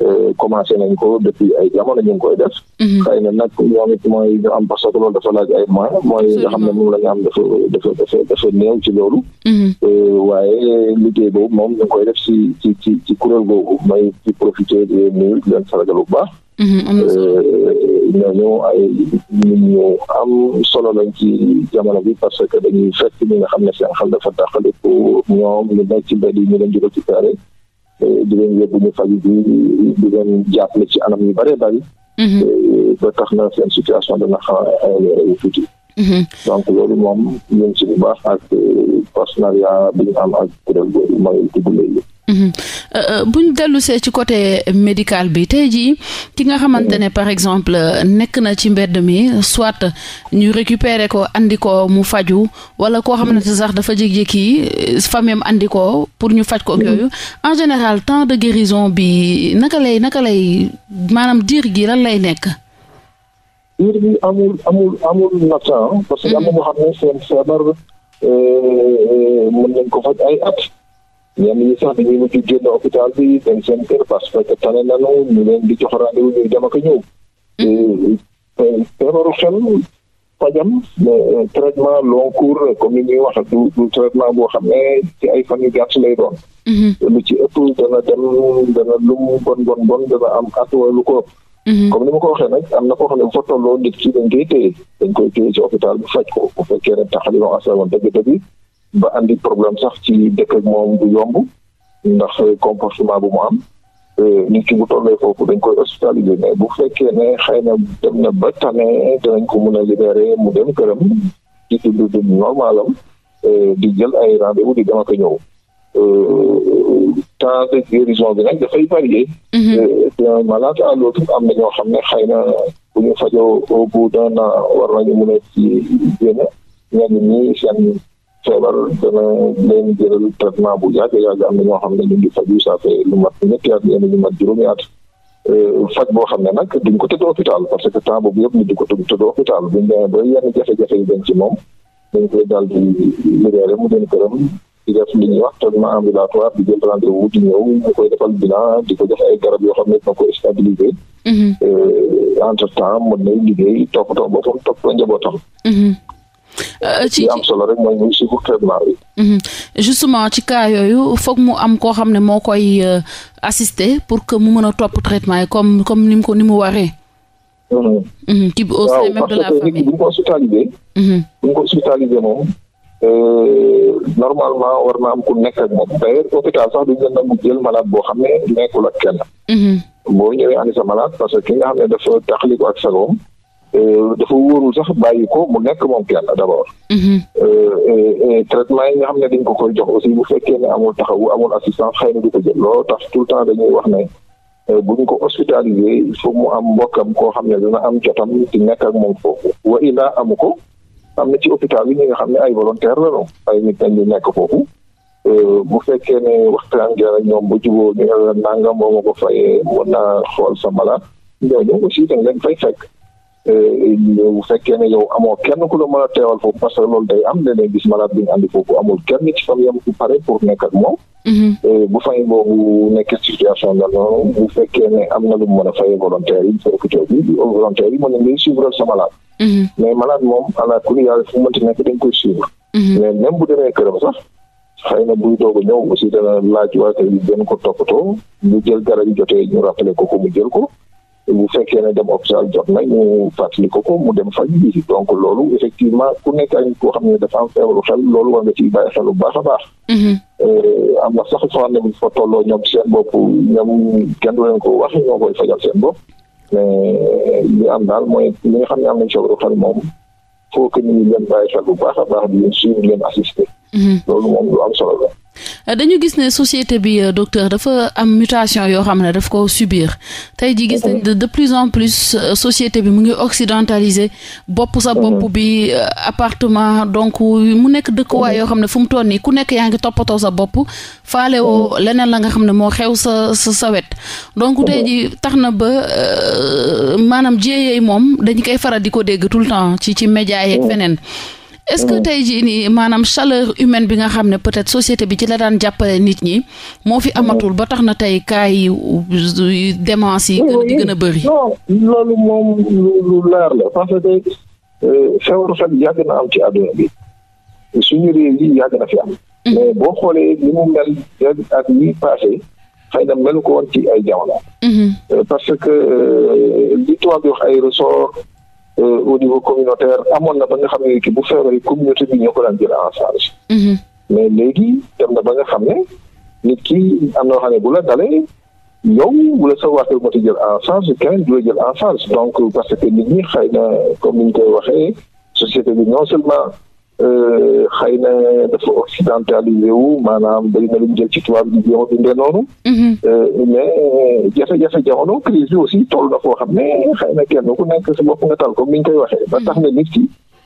euh, commencé nañ ko depuis ay jamono ñu koy def. Mhm. xëy na nag ñoom it mooy ñu am parce que loolu dafa laaj ay moyens mooy nga xam ne moom la ñu am dafa dafa dafa dafa néew ci loolu. Mhm. Euh, waaye liggéey boobu moom ñu koy def ci ci ci ci kuréel googu may ci profité di leen nuyu di leen sargal bu baax. Mhm, ñooñu ay nit am solo lañ ci jamono bi parce que dañuy fekk ñi nga xam ne seen xel dafa dàqali. ñoom ñu nekk ci mbedd yi ñu leen di récupéré di leen yóbbu ñu faj bi di leen jàppale ci anam yu bëree bëri. Mhm. ba tax na seen situation dana xaw a amélioré wu tuuti. Mhm. donc loolu moom ñu ngi ci bu baax ak euh, partenariat bi ñu am ak kuréel boobu mooy tudd léegi. Mhm. Euh, euh, bu ñu dellu see ci côté médical bi tey jii ki nga xamante ne par exemple euh, nekk na ci mbedd mi soit ñu récupérer ko andiko mu faju wala koo xam ne mhm. sax dafa jékki-jékki famem andi ko pour ñu faj ko mhm. yooyu en général temps de guérison bi naka lay naka lay maanaam diir gi lan lay nekk. diir amul amul nañ ko faj ay at. ñenn ñi sax dañuy mujj génn hôpital bi dem seen kër parce que tane nanu ñu leen di a ñëw. Mm. Euh, feebaru xel fajam euh, traitement long cours comme ni ñuy wax du du traitement boo xam ne ci ay fan yu gàtt lay doon. Mm-hmm. lu ci ëpp dana dem dana lum bon bon bon dana am at wala lu ko ëpp. Mm-hmm. comme ni ko waxee nag am na koo xam ne bu fa tolloo nit ki dañ koy téye dañ ci hôpital bi faj ko bu fekkee ne taxali loo asal woon dëgg-dëgg. ba andi problème sax ci dëkk ak moom du yomb ndax euh, comportement bu mu am euh, nit ki bu tollee foofu dañ koy hospitalisé mais bu fekkee ne xëy na dem na ba tane danañ ko mun a libéré mu dem këram ci dundu normalam euh, di jël ay rendez-vous di dem temps de guérison bi nag dafay varier mhm. d'un malade à am na ñoo xam ne xëy na bu ñu fajoo au bout d'un an ci génn ñenn feebar dana leen jëral traitement bu yàgg yàgg am na ñoo xam ne ñu ngi faju ça fait lu mat ñetti at juróomi at euh, faj boo xam ne nag duñ ko tëdd hôpital parce que temps boobu yëpp nit di ko tëdd hôpital buñ demee ba yenn jafe-jafe yi dañ ci moom dañ koy daal di libéré mu dem li ñuy wax traitement ambulatoire di jël koy defal ko jox garab yoo xam ne dina ko stabilisé mhm. euh, entre temps mën na liggéey toppatoo boppam toppatoo njabootam mhm. Euh, ci am solo rek mooy ñu suivre traitement bi. justement ci cas yooyu mu am koo xam ne moo koy euh, assister pour que mu mën a topp traitement yi comme comme ni mu ko ni mu waree. ci mhm. mhm. au sein même mhm. ko hospitalisé. moom euh, normalement war na am ku nekk moom d'ailleurs hôpital sax duñu jël malade boo xam nekkul ak kenn. boo ñëwee andi sa malade parce que ki nga xam ne dafa taxaliku ak sagoom Euh, dafa wóorul sax bàyyi ko mu nekk moom kenn d'abord. Mhm. Euh, traitement yi nga xam ne dañ ko koy jox aussi bu fekkee ne amul taxawu amul assistance xëy na du ko jël loolu tax tout le temps dañuy wax ne. Euh, bu ñu ko hospitalisé il faut mu am mbokkam koo xam ne dina am jotam ci nekk ak moom foofu wa amu ko am na ci hôpital yi ñi nga xam ne ay volontaire la ñu ay nit dañ di nekk foofu bu fekkee ne waxtaan gi ak ñoom bu jubóo ñu ne la nangam moo ma ko fayee mën naa xool sa malade ñooñu aussi dañ leen fay fekk. Euh, bu fekkee ne yow amoo kenn ku la mën a teewal foofu parce que loolu day am leneen gis malade bi ñu andi foofu amul kenn ci famille am pare pour nekk moom. Mhm. Euh, bu fay boobu nekk situation la noonu bu fekkee ne am na lu mu mën a fay volontaire yi hôpital bi volontaire yi mën nañu suivre sa malade. Mhm. mais malaat moom ala kulli yàlla fu mu mënti nekk dañ koy suivre. Mhm. mais même bu demee këram sax. xëy na buy doog a ñëw aussi dana laaj waa kër ko toppatoo. ñu jël garab jotee ñu rappelé ko ko mu ko. bu fekkee ne dem hôpital jot na ñu fàttali ko ko mu dem faj bi donc loolu effectivement ku nekk ak koo xam ne dafa am feebaru xel loolu war nga ci bàyyi xel bu baax a baax. Mm-hmm. Eh, am na sax soo ne bu fa tolloo ñoom seen bopp ñoom kenn du leen ko wax ñoo koy fajal seen bopp mais li am daal mooy mi nga xam ne am nañ feebaru xel moom faut que ñu leen bàyyi xel bu baax a baax di leen suivre leen assister. Mm-hmm. loolu moom lu am solo la. Euh, dañu gis ne société bi euh, docteur dafa am mutation yoo xam ne daf ko subiir tey ji gis nañ mhm. de plus en plus euh, société bi mu ngi occidentaliser bopp sa bopp mhm. bi appartement donc mu nekk dëkkuwaay mhm. yoo xam ne fu mu toll nii ku nekk yaa ngi toppatoo sa bopp faale woo leneen la nga xam ne moo xew sa sa sa wet donc tey ji tax na ba maanaam yi moom dañ koy faral di ko dégg tout le temps ci ci média yeeg feneen est-ce que mm-hmm. tey jii nii maanaam chaleur humaine bi nga xam ne peut-être société bi ci la daan jàppale nit ñi moo fi mm-hmm. amatul ba tax na tey cas yi euh, yi gën di mm-hmm. gën a bëri. non loolu moom lu leer la parce que euh, feebaru xel yàgg na am ci àdduna bi suñu réew yi yàgg na fi am. mais boo xoolee ni mu mel ak ñi passé xëy na melu ko woon ci ay jamono. Euh, parce que li tubaab di ay ressort Euh, au niveau communautaire amoon na ba nga xam ne ki bu nga communauté bi ñoo ko daan jël en mhm. mais léegi dem na ba nga xam ne nit ki am na xam ne bu la dalee yow bu la sa waa moo moti jël en charge keneen du la jël en charge donc parce que nit ñi xëy na comme ni ñu koy waxee société bi non seulement. Euh, xëy na dafa occidentalisé wu maanaam bëri na lu ñu jël ci tubaab di a bindee mhm. euh, mais euh, jafe-jafe jamono crise bi aussi toll na xam ne xëy na kenn ku nekk sa bopp nga tal comme ni ñu koy waxee. ba tax na nit ki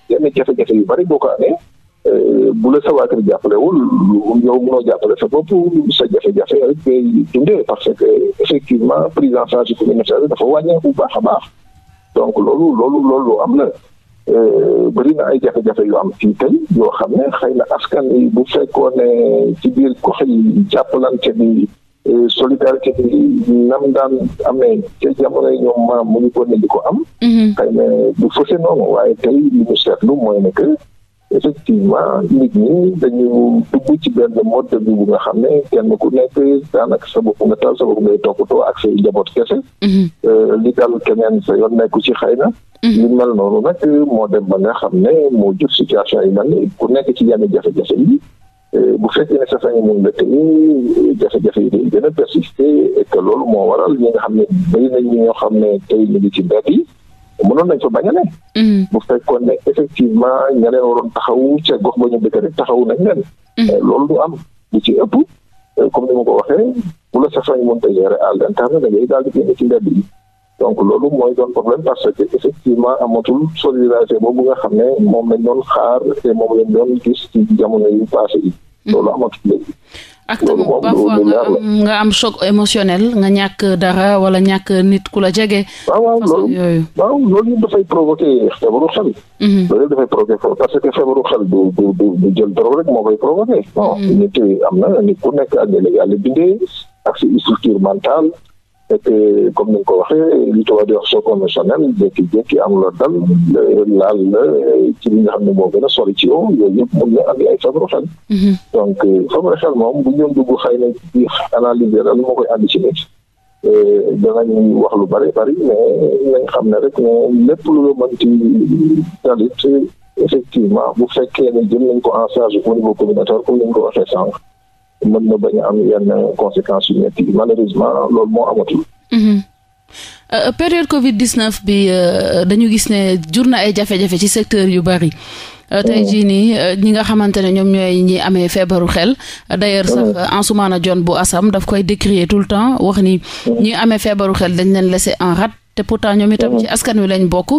yenn yu bari boo ko amee bu le sa waa kër jàppalewul yow mënoo jàppale sa bopp sa jafe-jafe rek ngay dundee parce que effectivement prise en charge communautaire dafa wàññeeku bu baax a baax donc loolu loolu loolu am na. Euh, bëri na ay jafe-jafe yu am fii tey yoo xam ne xëy na askan yi bu fekkoon ne ci biir gox yi jàppalante bi euh, solidarité bi nam daan amee ca jamono yi ñoom maam mu ngi ko ne ko am. Mhm. xëy na du fëse noonu waaye tey li ñu seetlu mooy ne que. effectivement nit ñi dañu dugg ci benn moo de bu nga xam ne kenn ku nekk daanaka sa bopp nga taal sa bopp ngay toppatoo ak say njaboot kese. Mhm. Euh, li dal keneen sa yoon nekku ci xëy na. Mhm. li mel noonu nag moo dem ba nga xam ne moo jur situation yi mel ni ku nekk ci yenn jafe-jafe yi. Euh, bu fekkee ne sa sañ mun la yi day gën a loolu moo waral ñi nga xam ne bëri nañ ñoo xam ne tey ñu ngi ci mbedd yi. mënoon nañ fa bañ a ne. Mm-hmm. bu fekkoon ne effectivement ña leen waroon taxaw ca gox ba ñu a rek taxawu nañ leen. Mm-hmm. Eh, loolu du am lu ci ëpp eh, comme ni ma ko waxee bu la sax fañ mën a gérer à l'interne da daal di génne ci donc loolu mooy doon problème parce que effectivement amatul solidarité boobu nga xam ne moom lañ doon xaar te moom lañ doon gis ci jamono yu passé yi. Mm-hmm. loolu amatul léegi. ak tamit parfois nga am nga am nga ñàkk dara wala ñàkk nit ku la jege. waaw waaw loolu waaw loolu yëpp dafay provoqué feebaru xel. Mhm. loolu dafay provoqué parce que feebaru xel du du jël drogue rek moo koy provoqué. bon mhm. nit am na nit ku nekk ak yàlla bindee ak si structure et que comme ni ko waxee li tubaab di wax soo ko national jékki-jékki am la dal laal ci li nga xam ne moo gën a sori ci yow yooyu yëpp mun na andi ay feebaru xel. Mhm. donc feebaru euh, xel moom bu ñu dugg xëy na ci analyse yi lan moo koy andi ci nit. Euh, danañ wax lu bari bari mais nañ xam ne rek ne lépp lu la mën ci dalit effectivement bu fekkee ne jël nañ ko en charge au niveau communautaire comme ni ko waxee sànq. mën na bañ a am yenn conséquences yu métti malheureusement loolu moo amatul. Mhm. Euh, euh, période Covid 19 bi euh, dañu gis ne jur na ay jafe-jafe ci secteur yu bari. tey jii nii ñi nga xamante ne ñoom ñooy ñi amee feebaru xel d'ailleurs sax mhm. Ansoumana Dione bu ASAM daf koy décrier tout le temps wax ni mhm. ñi amee feebaru xel dañ leen laisser en rade te pourtant ñoom itam ci askan wi lañ bokk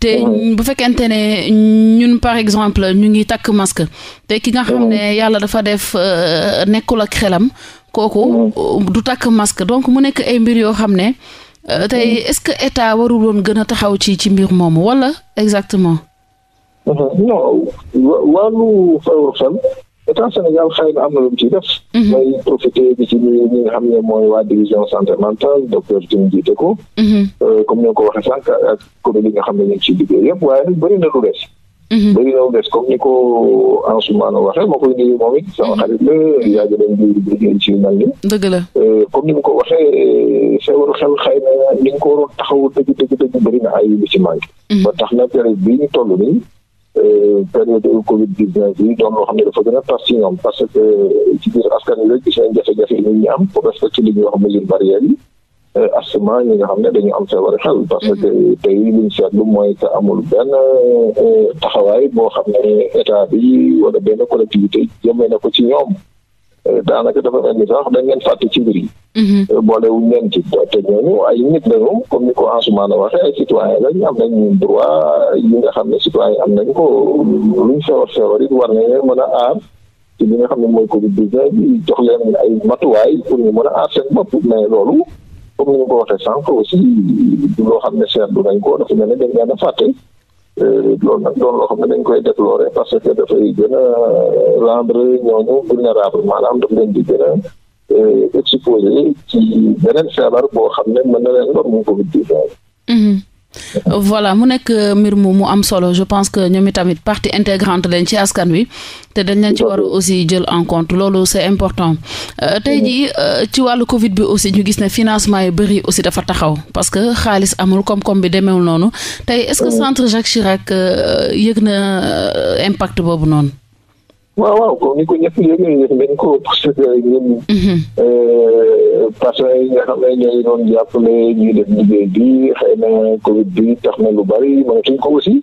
te bu fekkente ne ñun par exemple ñu ngi takk masque te ki nga xam ne yàlla dafa def euh, nekkul ak xelam kooku du takk masque donc mu nekk ay mbir yoo xam ne euh, tey est-ce que état warul woon gën a taxaw ci ci mbir moomu walla exactement état Sénégal xëy na am na lu mu ciy def. Mhm. may profité bi ci ñi nga xam ne mooy waa division santé docteur Tine jiite ko. Mhm. Euh, comme ni nga ko waxee sànq ak communes yi nga xam ne ñu ngi ciy liggéey yëpp waaye nag bëri lu des. Mhm. bëri lu des comme ni ko Ansoumana waxee ma koy nuyu moom it sama xarit la yaa ngi leen di liggéey ci mel ni. dëgg la euh, comme ni mu ko waxee euh, feebaru xel xëy na ni nga ko waroon taxawu dëgg dëgg dëgg bëri na ay lu ci manqué. ba tax na période bii ñu toll nii. Euh, période Covid 19 bi loo xam ne dafa gën a tar ci ñoom parce que euh, ci biir askan wi gis nañ jafe-jafe yi ñu pour respecter li ñuy wax mesures barrières yi euh, asma ñi nga xam ne dañu am feebar xel parce que mhm. tey li ñu seetlu mooy que amul benn taxawaay boo xam ne état bi wala benn collectivité jëmee na ko ci ñoom. daanaka dafa mel ni sax dañ fàtte ci mbir boole mhm. euh, boolewuñ leen ci te ñooñu ay nit lañu comme ni ko Ansoumana waxee ay citoyen lañ am nañ droit nga xam ne citoyen am nañ ko luñ feebar feebar it war nañ leen mën a aar ci li nga xam ne mooy Covid 19 bi jox leen ay matuwaay pour ñu mën a aar seen bopp mais loolu comme ni ñu ko waxee sànq aussi du loo xam ne seetlu nañ ko dafa mel ne dañ leen fàtte. loolu euh, nag doon loo xam dañ koy déplorer parce que dafay gën a rendre ñooñu vulnérable maanaam daf leen di gën a euh, exposé ci beneen feebar boo xam ne mën na leen lor mu covid dix-neuf mhm. voilà mu nekk euh, mbir mu mu am solo je pense que ñoom itamit partie intégrante lañ ci askan wi te dañ leen ci war aussi jël en compte loolu c'est important euh, tey jii euh, ci wàllu Covid bi aussi ñu gis ne financement yi bëri aussi dafa taxaw parce que xaalis amul koom-koom bi demeewul noonu tey est-ce que centre Jacques Chirac yëg na impact boobu noonu. waaw waaw comme ni ko ñëpp yëgee dañ ko procédé ak ñun mhm. euh, patients nga xam ne ñooy doon jàppale ñuy def liggéey bi xëy na Covid bi tax na lu bari mënatuñ ko aussi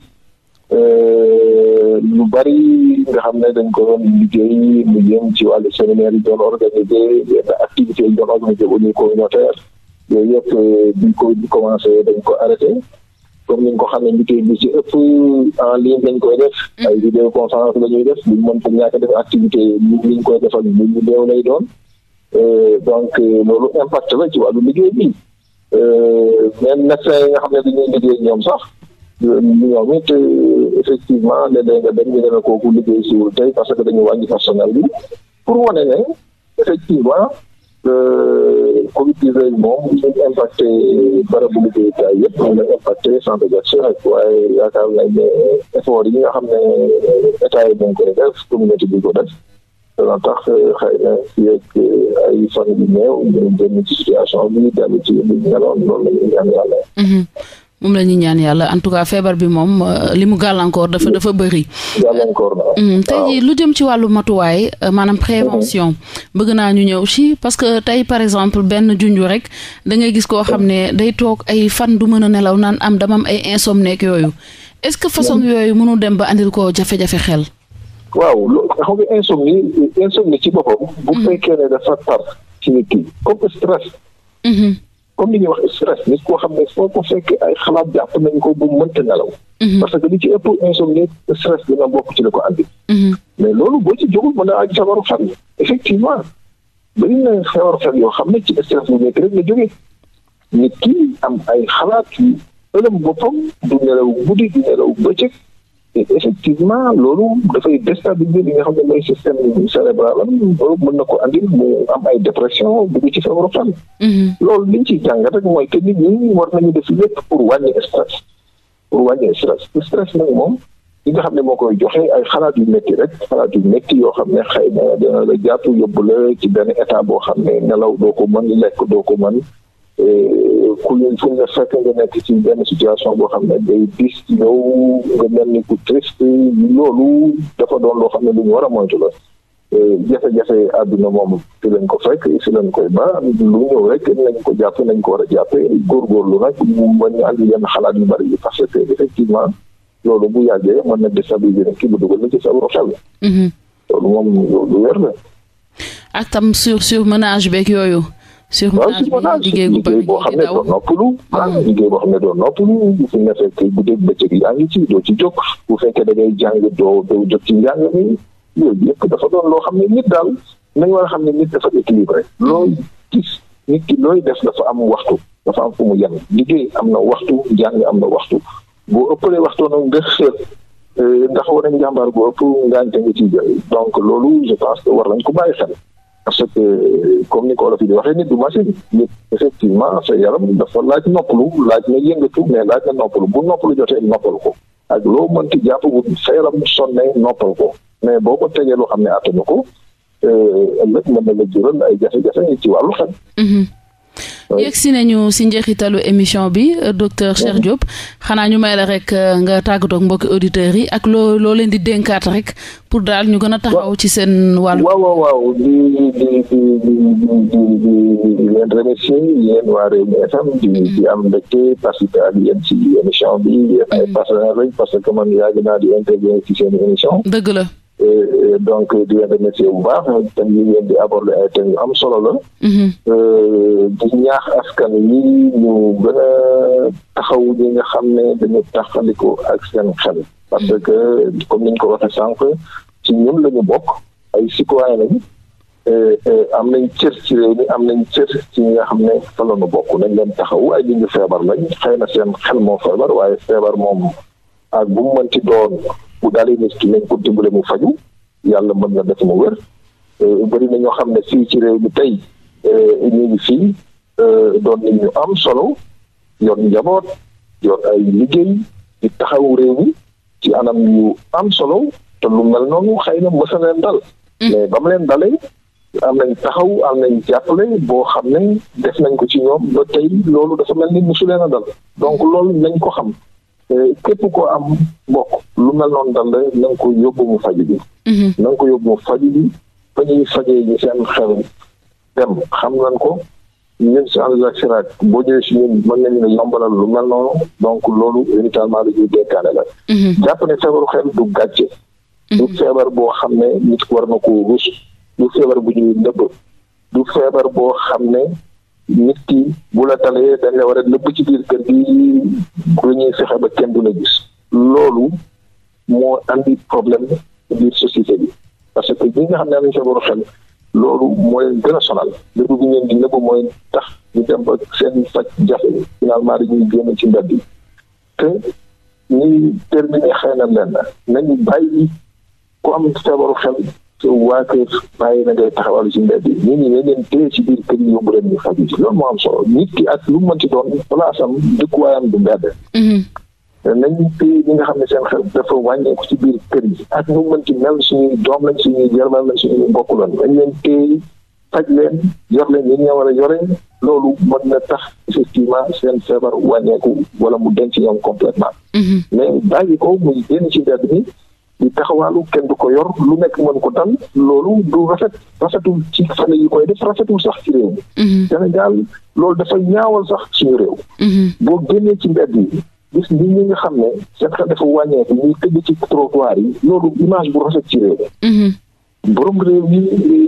euh, lu bari nga xam ne dañ ko doon liggéey lu ci wàll séminaire yi doon organisé yenn activités yi doon organisé au niveau communautaire yëpp euh, bi Covid commencé dañ ko arrêté comme ni ko xamee liggéey bi si ëpp en ah, ligne lañ koy def mm. ay vidéoconférence la ñuy def buñ mën pour ñàkk def activité li ñu koy defal bu ñu néew lay doon euh, donc euh, loolu impact la ci wàllu liggéey bi euh, même médecin yi nga xam ne dañuy liggéey ñoom sax ñoom it effectivement léeg-léeg nga dañuy demee kooku liggéey siwul tey parce que dañu wàññi personnel bi pour wane ne effectivement Euh, Covid 19 moom ñu ngi impacté barabu liggéeyukaay yëpp ñu ngi impacté centre d'action rek waaye yaakaar nañ ne effort yi nga xam ne état yi dañ koy def communauté bi ko def dana tax euh, xëy na fii ak euh, ay fan yu néew ñu ci situation bi ñu ci li ñu meloon loolu la ñuy ñaan yàlla mhm. moom la ñuy ñaan yàlla en tout cas feebar bi moom euh, li mu gàllankoor dafa dafa bëri. gàllankoor mm, tey lu jëm ci wàllu matuwaay euh, maanaam mhm. prévention bëgg naa ñu ñëw si parce que tey par exemple benn junju rek dangay gis koo xam ne day toog ay fan du mën a nelaw naan am dama am ay insomnie ak yooyu est-ce que façon yooyu mënul dem ba andil ko jafe-jafe xel. comme li ñuy wax stress nit koo xam ne foo ko fekk ay xalaat jàpp nañ ko bu mënta nelaw. Mhm. parce que li ci ëpp insomnie stress dina bokk ci li ko andi. Mhm. mais loolu boo ci jógul mën a aj feebaru fan effectivement bari na feebaru yoo xam ne ci stress bu nekk rek la jógee nit ki am ay xalaat yu ëlëm boppam du nelaw guddi du nelaw bëccëg. et effectivement loolu dafay déstabiliser yi nga xam ne mooy système cérébral am loolu mën na ko andil mu am ay dépression dugg ci feebaru xel mhm. loolu liñ ciy jàng rek mooy que nit ñi war nañu def lépp pour wàññi stress pour wàññi stress stress moom li nga xam ne moo koy joxe ay xalaat yu métti rek xalaat yu métti yoo xam ne xëy na dina la jàpp yóbbu la ci benn état boo xam ne nelaw doo ko mën lekk doo ko mën ku ñu fekk nga nekk ci benn situation boo xam ne ba dis ñëw nga mel ni ku triste loolu dafa doon loo xam ne lu ñu war a moytu la euh, jafe-jafe àdduna moom fi lañ ko fekk si lañ koy ba lu ñëw rek nañ ko jàpp nañ ko war a jàppe lu nag mu bañ a andi yenn xalaat yu bari yi parce que effectivement loolu bu yàggee mën na déstabiliser nit ki bu dugal na ci mhm. loolu moom lu wér la ak tam sur surmenage beeg yooyu sur monage ah, hmm. liggéey boo xam ne doo noppalu. maanaam liggéey boo xam ne doo noppalu su nekkee guddeeg bëccëg yaa ngi ci doo ci jóg bu fekkee da ngay jàng doo doo jóg ci njàng mi yooyu yëpp dafa doon loo xam ne nit daal nañu war a xam ne nit dafa équilibré hmm. looy gis nit ki looy def dafa am waxtu dafa am fu mu yem liggéey am na waxtu jàng am na waxtu boo ëppalee waxtu nag nga xeet eh, ndax war a njàmbaar bu ëpp ngaañ te nga ci jël donc loolu je pense que war nañ ko bàyyi xel. parce que comme ni ko olof yi di waxee nit du machine nit effectivement sa yaram dafa laaj noppalu laaj na yëngatu mais laaj na noppalu bu lu jotee noppal ko ak loo mën ti jàpp bu sa yaram sonne noppal ko mais boo ko tegee loo xam ne attanu ko euh, ëllëg mën na la jural ay jafe-jafe ci wàllu xel mhm. yegg si nañu si njeexitalu émission bi euh, docteur Cheikh mm-hmm. Diop xanaa ñu may la rek euh, nga tàggatoo ak mbokki auditeurs yi ak loo loo leen di dénkaat rek pour daal ñu gën a taxaw ci seen wàllu. waaw waaw waaw di di di di di di leen remercier yéen waa Rewmi mm-hmm. ci émission bi mm-hmm. parce que man yàgg naa di intervenir ci seen émission. dëgg la. Euh, donc di leen remercier bu baax thème yi di aborder ay thèmes yu am solo la. Mhm. Euh, di ñaax askan yi ñu gën a taxaw ñi nga xam ne dañu taxaliku ak seen xel. parce mhm. que comme ni ko waxee sànq ci ñun la ñu bokk ay citoyen lañu euh, am nañ cër ci réew am nañ cër ci ñi nga xam ne fa la bokk nañ leen taxaw ay nit ñu feebar lañ xëy na seen xel moo feebar waaye feebar moom ak bu mu mënti doon. bu dalee nit ki nañ ko dimbale mu faju yàlla mën na def mu wér euh, bëri na ñoo xam ne fii ci réew mi tey euh, ñu fii euh, doon nit ñu am solo yor njaboot yor ay liggéey di taxawu réew mi ci anam yu am solo te lu mel noonu xëy na mësa leen dal mm. mais ba mu leen dalee am nañ taxaw am nañ jàppale boo xam ne def nañ ko ci ñoom ba tey loolu dafa mel ni mosu leen a dal donc loolu nañ ko xam képp ko am bokk lu mel noonu dal la na nga ko yóbbu mu faju bi mhm. na nga ko yóbbu mu faju bi fa ñuy fajee ñu seen xel dem xam nañ ko ñun si ànd ak boo ñëwee si ñun mën nañu ne yombalal lu mel noonu donc loolu véritablement lu ñuy dénkaane la mhm. jàpp ne feebaru xel du gàcce mhm. du feebar boo xam ne nit war na ko rus du feebar bu ñuy nëbb du feebar boo xam ne nit ki bu la talee dañ la war ci biir kër gi lu ñuy fexe ba kenn du la gis loolu moo andi problème biir société bi parce que bi nga xam ne am nañu feebaru xel loolu mooy gën a sonal nëbb bi ngeen di nëbb mooy tax ñu dem ba seen faj jafe finalement dañuy génn ci mbedd yi te ñuy terminer xëy na nañu bàyyi ku am feebaru xel waa kër bàyyi na ngay taxawal ci mbedd yi ñun ñu ne leen téye ci biir kër yi yóbbu leen ñu faj ci loolu moo am solo nit ki ak lu mu mënti doon place am dëkkuwaayam du mbedd. Mhm. nañu téye ñi nga xam ne seen xel dafa wàññeeku ci biir kër yi ak nu mënti mel suñuy doom lañ suñuy jarbal lañ suñuy mbokk lañ dañ leen téye faj leen yor leen ñi nga war a loolu mën na tax effectivement seen feebar wàññeeku wala mu denc ñoom complètement mhm. mais bàyyi ko muy génn ci di taxawaalu kenn du ko yor lu nekk mën ko dal loolu du rafet rafetul ci fan yi koy def rafetul sax ci réew mi mhm. Sénégal loolu dafay ñaawal sax suñu réew mhm. boo génnee ci mbedd yi gis nit ñi nga xam ne seen xel dafa wàññeeku ñuy tëgg ci trottoir yi loolu image bu rafet ci réew mi mhm. borom réew yi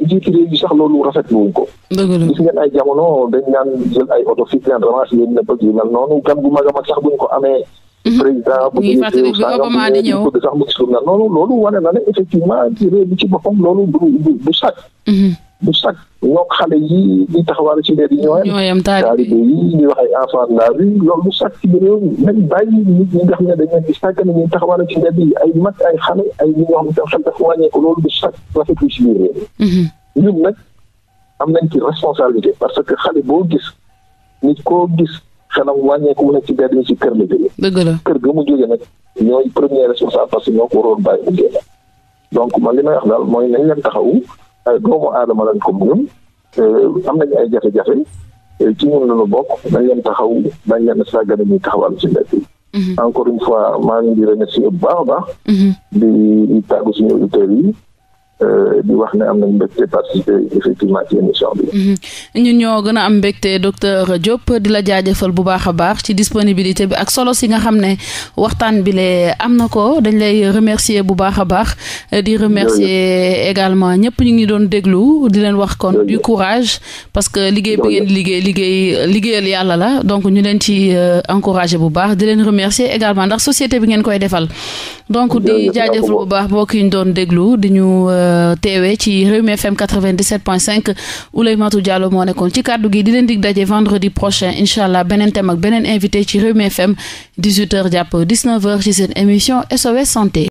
njiiti réew sax loolu rafet wuñ ko. dëgg la gis ay jamono dañ naan jël ay oto fii leen ramasser leen nëbbal yi mel noonu gan bu mag a mag sax buñ ko amee. Mhm. président bu ñu fàttali bi Obama sax mu gis lu mel loolu wane na ne effectivement réew bi ci boppam loolu du du du sàcc. Mhm. du sax ñoo xale yi di taxawal ci mbedd yi ñooyam taalibe yi ñuy wax ay enfant de loolu du sax ci biir réew ne dañ leen di sàkk ñuy taxawal ci mbedd yi ay mag ay xale ay ñi ñoo ci biir réew mi mm-hmm. nag am nañ ci responsabilité parce que xale boo gis nit koo gis xelam wàññeeku mu nekk ci mbedd mi ci kër la jógee dëgg la kër ga mu jógee nag ñooy premier responsable parce que ñoo ko waroon bàyyi mu génn donc man li may wax daal mooy nañ leen taxawu ay euh, doomu aadama lañ ko moom euh, am nañ ay jafe-jafe euh, ci ñun lañu bokk dañ leen taxaw dañ leen saga ñuy taxawal ci mbedd yi mhm. encore une fois maa ngi di remercier bu baax a baax. Mhm. di tàggu suñu auditeurs yi. Euh, di ñu mm-hmm. ñoo gën a am mbégte docteur Diop di la jaajëfal bu baax a baax ci disponibilité bi ak solo si nga xam ne waxtaan bi lee am na ko dañ lay remercier bu baax a baax. di remercier également ñëpp ñu ngi doon déglu di leen wax kon du courage. parce que liggéey bi ngeen liggéey liggéey liggéeyal yàlla la donc ñu leen ci euh, encourager bu baax di leen remercier également ndax société bi ngeen koy defal. donc di jaajëfal bu baax mbokk yi ñu doon déglu di euh, Euh, teewee ci Rewmi FM 97.5 Ouleymatou Diallo moo nekkoon ci kàddu gi di leen dig daje vendredi prochain incha allah beneen thème beneen invité ci Rewmi FM 18h jàpp 19h ci seen émission SOS santé.